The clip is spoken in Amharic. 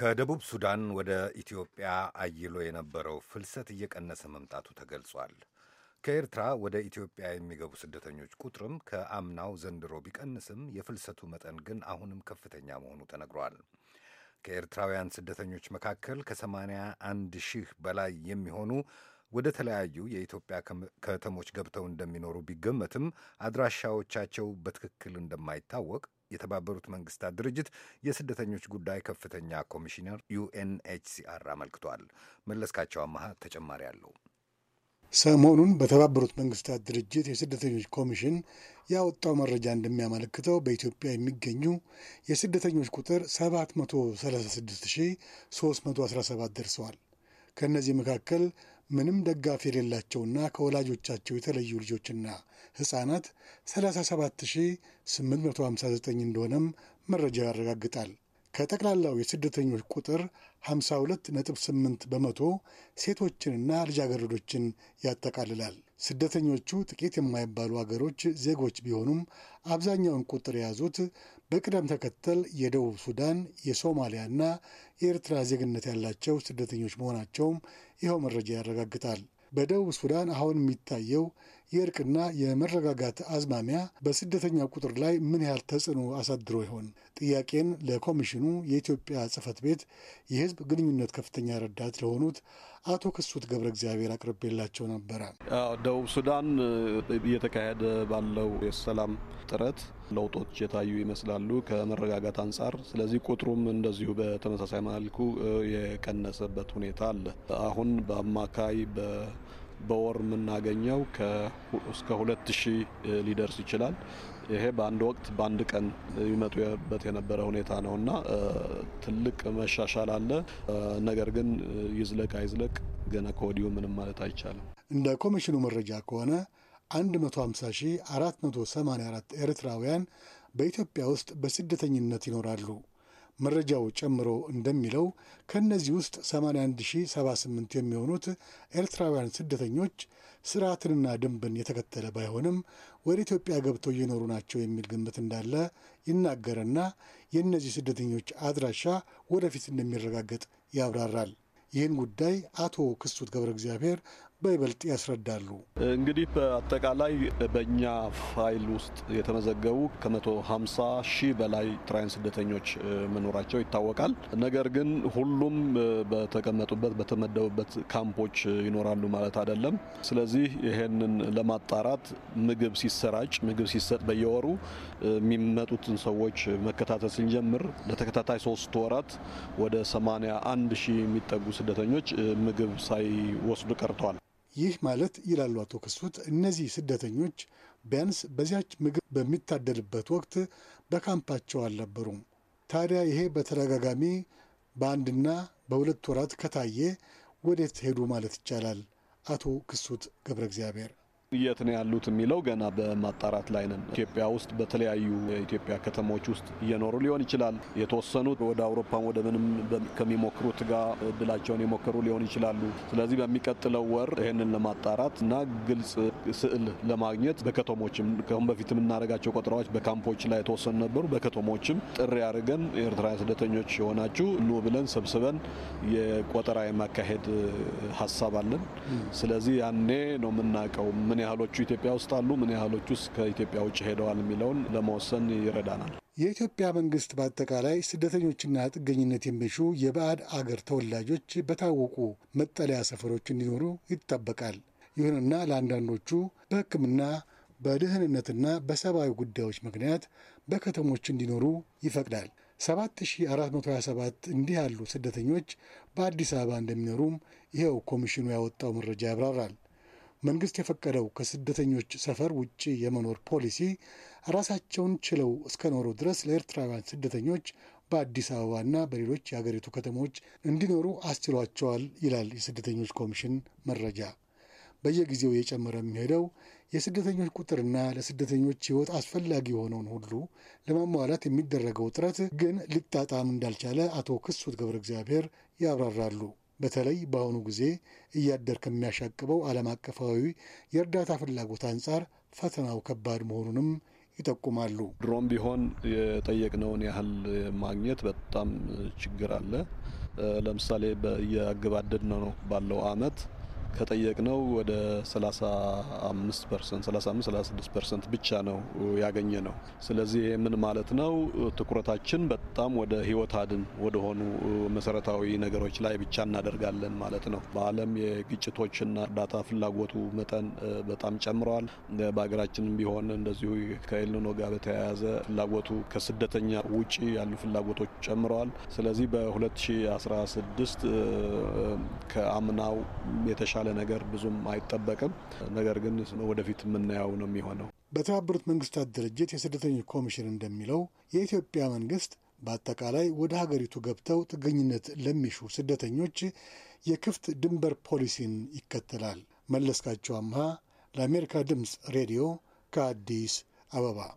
ከደቡብ ሱዳን ወደ ኢትዮጵያ አይሎ የነበረው ፍልሰት እየቀነሰ መምጣቱ ተገልጿል። ከኤርትራ ወደ ኢትዮጵያ የሚገቡ ስደተኞች ቁጥርም ከአምናው ዘንድሮ ቢቀንስም የፍልሰቱ መጠን ግን አሁንም ከፍተኛ መሆኑ ተነግሯል። ከኤርትራውያን ስደተኞች መካከል ከ81 ሺህ በላይ የሚሆኑ ወደ ተለያዩ የኢትዮጵያ ከተሞች ገብተው እንደሚኖሩ ቢገመትም አድራሻዎቻቸው በትክክል እንደማይታወቅ የተባበሩት መንግስታት ድርጅት የስደተኞች ጉዳይ ከፍተኛ ኮሚሽነር ዩኤንኤችሲአር አመልክቷል። መለስካቸው አመሃ ተጨማሪ አለው። ሰሞኑን በተባበሩት መንግስታት ድርጅት የስደተኞች ኮሚሽን ያወጣው መረጃ እንደሚያመለክተው በኢትዮጵያ የሚገኙ የስደተኞች ቁጥር 736,317 ደርሰዋል። ከእነዚህ መካከል ምንም ደጋፊ የሌላቸውና ከወላጆቻቸው የተለዩ ልጆችና ሕፃናት 37859 እንደሆነም መረጃው ያረጋግጣል። ከጠቅላላው የስደተኞች ቁጥር 52.8 በመቶ ሴቶችንና ልጃገረዶችን ያጠቃልላል። ስደተኞቹ ጥቂት የማይባሉ አገሮች ዜጎች ቢሆኑም አብዛኛውን ቁጥር የያዙት በቅደም ተከተል የደቡብ ሱዳን፣ የሶማሊያ እና የኤርትራ ዜግነት ያላቸው ስደተኞች መሆናቸውም ይኸው መረጃ ያረጋግጣል። በደቡብ ሱዳን አሁን የሚታየው የእርቅና የመረጋጋት አዝማሚያ በስደተኛ ቁጥር ላይ ምን ያህል ተጽዕኖ አሳድሮ ይሆን? ጥያቄን ለኮሚሽኑ የኢትዮጵያ ጽህፈት ቤት የህዝብ ግንኙነት ከፍተኛ ረዳት ለሆኑት አቶ ክሱት ገብረ እግዚአብሔር አቅርቤላቸው ነበረ። ደቡብ ሱዳን እየተካሄደ ባለው የሰላም ጥረት ለውጦች የታዩ ይመስላሉ ከመረጋጋት አንጻር። ስለዚህ ቁጥሩም እንደዚሁ በተመሳሳይ መልኩ የቀነሰበት ሁኔታ አለ። አሁን በአማካይ በ በወር የምናገኘው እስከ ሁለት ሺህ ሊደርስ ይችላል። ይሄ በአንድ ወቅት በአንድ ቀን ይመጡበት የነበረ ሁኔታ ነው እና ትልቅ መሻሻል አለ። ነገር ግን ይዝለቅ አይዝለቅ ገና ከወዲሁ ምንም ማለት አይቻልም። እንደ ኮሚሽኑ መረጃ ከሆነ 150484 ኤርትራውያን በኢትዮጵያ ውስጥ በስደተኝነት ይኖራሉ። መረጃው ጨምሮ እንደሚለው ከእነዚህ ውስጥ 81078 የሚሆኑት ኤርትራውያን ስደተኞች ስርዓትንና ደንብን የተከተለ ባይሆንም ወደ ኢትዮጵያ ገብተው እየኖሩ ናቸው የሚል ግምት እንዳለ ይናገርና የእነዚህ ስደተኞች አድራሻ ወደፊት እንደሚረጋገጥ ያብራራል። ይህን ጉዳይ አቶ ክሱት ገብረ እግዚአብሔር በይበልጥ ያስረዳሉ። እንግዲህ በአጠቃላይ በእኛ ፋይል ውስጥ የተመዘገቡ ከ150 ሺህ በላይ ትራይን ስደተኞች መኖራቸው ይታወቃል። ነገር ግን ሁሉም በተቀመጡበት በተመደቡበት ካምፖች ይኖራሉ ማለት አይደለም። ስለዚህ ይሄንን ለማጣራት ምግብ ሲሰራጭ ምግብ ሲሰጥ በየወሩ የሚመጡትን ሰዎች መከታተል ስንጀምር ለተከታታይ ሶስት ወራት ወደ አንድ ሺህ የሚጠጉ ስደተኞች ምግብ ሳይወስዱ ቀርተዋል። ይህ ማለት ይላሉ አቶ ክሱት እነዚህ ስደተኞች ቢያንስ በዚያች ምግብ በሚታደልበት ወቅት በካምፓቸው አልነበሩም። ታዲያ ይሄ በተደጋጋሚ በአንድና በሁለት ወራት ከታየ ወዴት ሄዱ ማለት ይቻላል? አቶ ክሱት ገብረ እግዚአብሔር የት ነው ያሉት የሚለው ገና በማጣራት ላይ ነን። ኢትዮጵያ ውስጥ በተለያዩ የኢትዮጵያ ከተሞች ውስጥ እየኖሩ ሊሆን ይችላል። የተወሰኑት ወደ አውሮፓም ወደ ምንም ከሚሞክሩት ጋር እድላቸውን የሞከሩ ሊሆን ይችላሉ። ስለዚህ በሚቀጥለው ወር ይህንን ለማጣራት እና ግልጽ ስዕል ለማግኘት በከተሞችም ከሁን በፊት የምናደርጋቸው ቆጠራዎች በካምፖች ላይ የተወሰኑ ነበሩ። በከተሞችም ጥሪ አድርገን የኤርትራ ስደተኞች የሆናችሁ ኑ ብለን ሰብስበን የቆጠራ የማካሄድ ሀሳብ አለን። ስለዚህ ያኔ ነው የምናውቀው ምን ምን ያህሎቹ ኢትዮጵያ ውስጥ አሉ፣ ምን ያህሎቹስ ከኢትዮጵያ ውጭ ሄደዋል የሚለውን ለመወሰን ይረዳናል። የኢትዮጵያ መንግስት በአጠቃላይ ስደተኞችና ጥገኝነት የሚሹ የባዕድ አገር ተወላጆች በታወቁ መጠለያ ሰፈሮች እንዲኖሩ ይጠበቃል። ይሁንና ለአንዳንዶቹ በሕክምና በደህንነትና በሰብአዊ ጉዳዮች ምክንያት በከተሞች እንዲኖሩ ይፈቅዳል። 7427 እንዲህ ያሉ ስደተኞች በአዲስ አበባ እንደሚኖሩም ይኸው ኮሚሽኑ ያወጣው መረጃ ያብራራል። መንግስት የፈቀደው ከስደተኞች ሰፈር ውጭ የመኖር ፖሊሲ ራሳቸውን ችለው እስከኖሩ ድረስ ለኤርትራውያን ስደተኞች በአዲስ አበባና በሌሎች የአገሪቱ ከተሞች እንዲኖሩ አስችሏቸዋል ይላል የስደተኞች ኮሚሽን መረጃ። በየጊዜው የጨመረ የሚሄደው የስደተኞች ቁጥርና ለስደተኞች ሕይወት አስፈላጊ የሆነውን ሁሉ ለማሟላት የሚደረገው ጥረት ግን ሊጣጣም እንዳልቻለ አቶ ክሱት ገብረ እግዚአብሔር ያብራራሉ። በተለይ በአሁኑ ጊዜ እያደር ከሚያሻቅበው ዓለም አቀፋዊ የእርዳታ ፍላጎት አንጻር ፈተናው ከባድ መሆኑንም ይጠቁማሉ። ድሮም ቢሆን የጠየቅነውን ያህል ማግኘት በጣም ችግር አለ። ለምሳሌ እያገባደድ ነው ባለው አመት ከጠየቅነው ወደ 35 ፐርሰንት 35 36 ፐርሰንት ብቻ ነው ያገኘ ነው። ስለዚህ ይህ ምን ማለት ነው? ትኩረታችን በጣም ወደ ህይወት አድን ወደሆኑ መሰረታዊ ነገሮች ላይ ብቻ እናደርጋለን ማለት ነው። በዓለም የግጭቶችና እርዳታ ፍላጎቱ መጠን በጣም ጨምረዋል። በሀገራችንም ቢሆን እንደዚሁ ከኤልኒኖ ጋር በተያያዘ ፍላጎቱ ከስደተኛ ውጪ ያሉ ፍላጎቶች ጨምረዋል። ስለዚህ በ2016 ከአምናው የተሻ የተሻለ ነገር ብዙም አይጠበቅም። ነገር ግን ወደፊት የምናየው ነው የሚሆነው። በተባበሩት መንግስታት ድርጅት የስደተኞች ኮሚሽን እንደሚለው የኢትዮጵያ መንግስት በአጠቃላይ ወደ ሀገሪቱ ገብተው ጥገኝነት ለሚሹ ስደተኞች የክፍት ድንበር ፖሊሲን ይከተላል። መለስካቸው አምሃ ለአሜሪካ ድምፅ ሬዲዮ ከአዲስ አበባ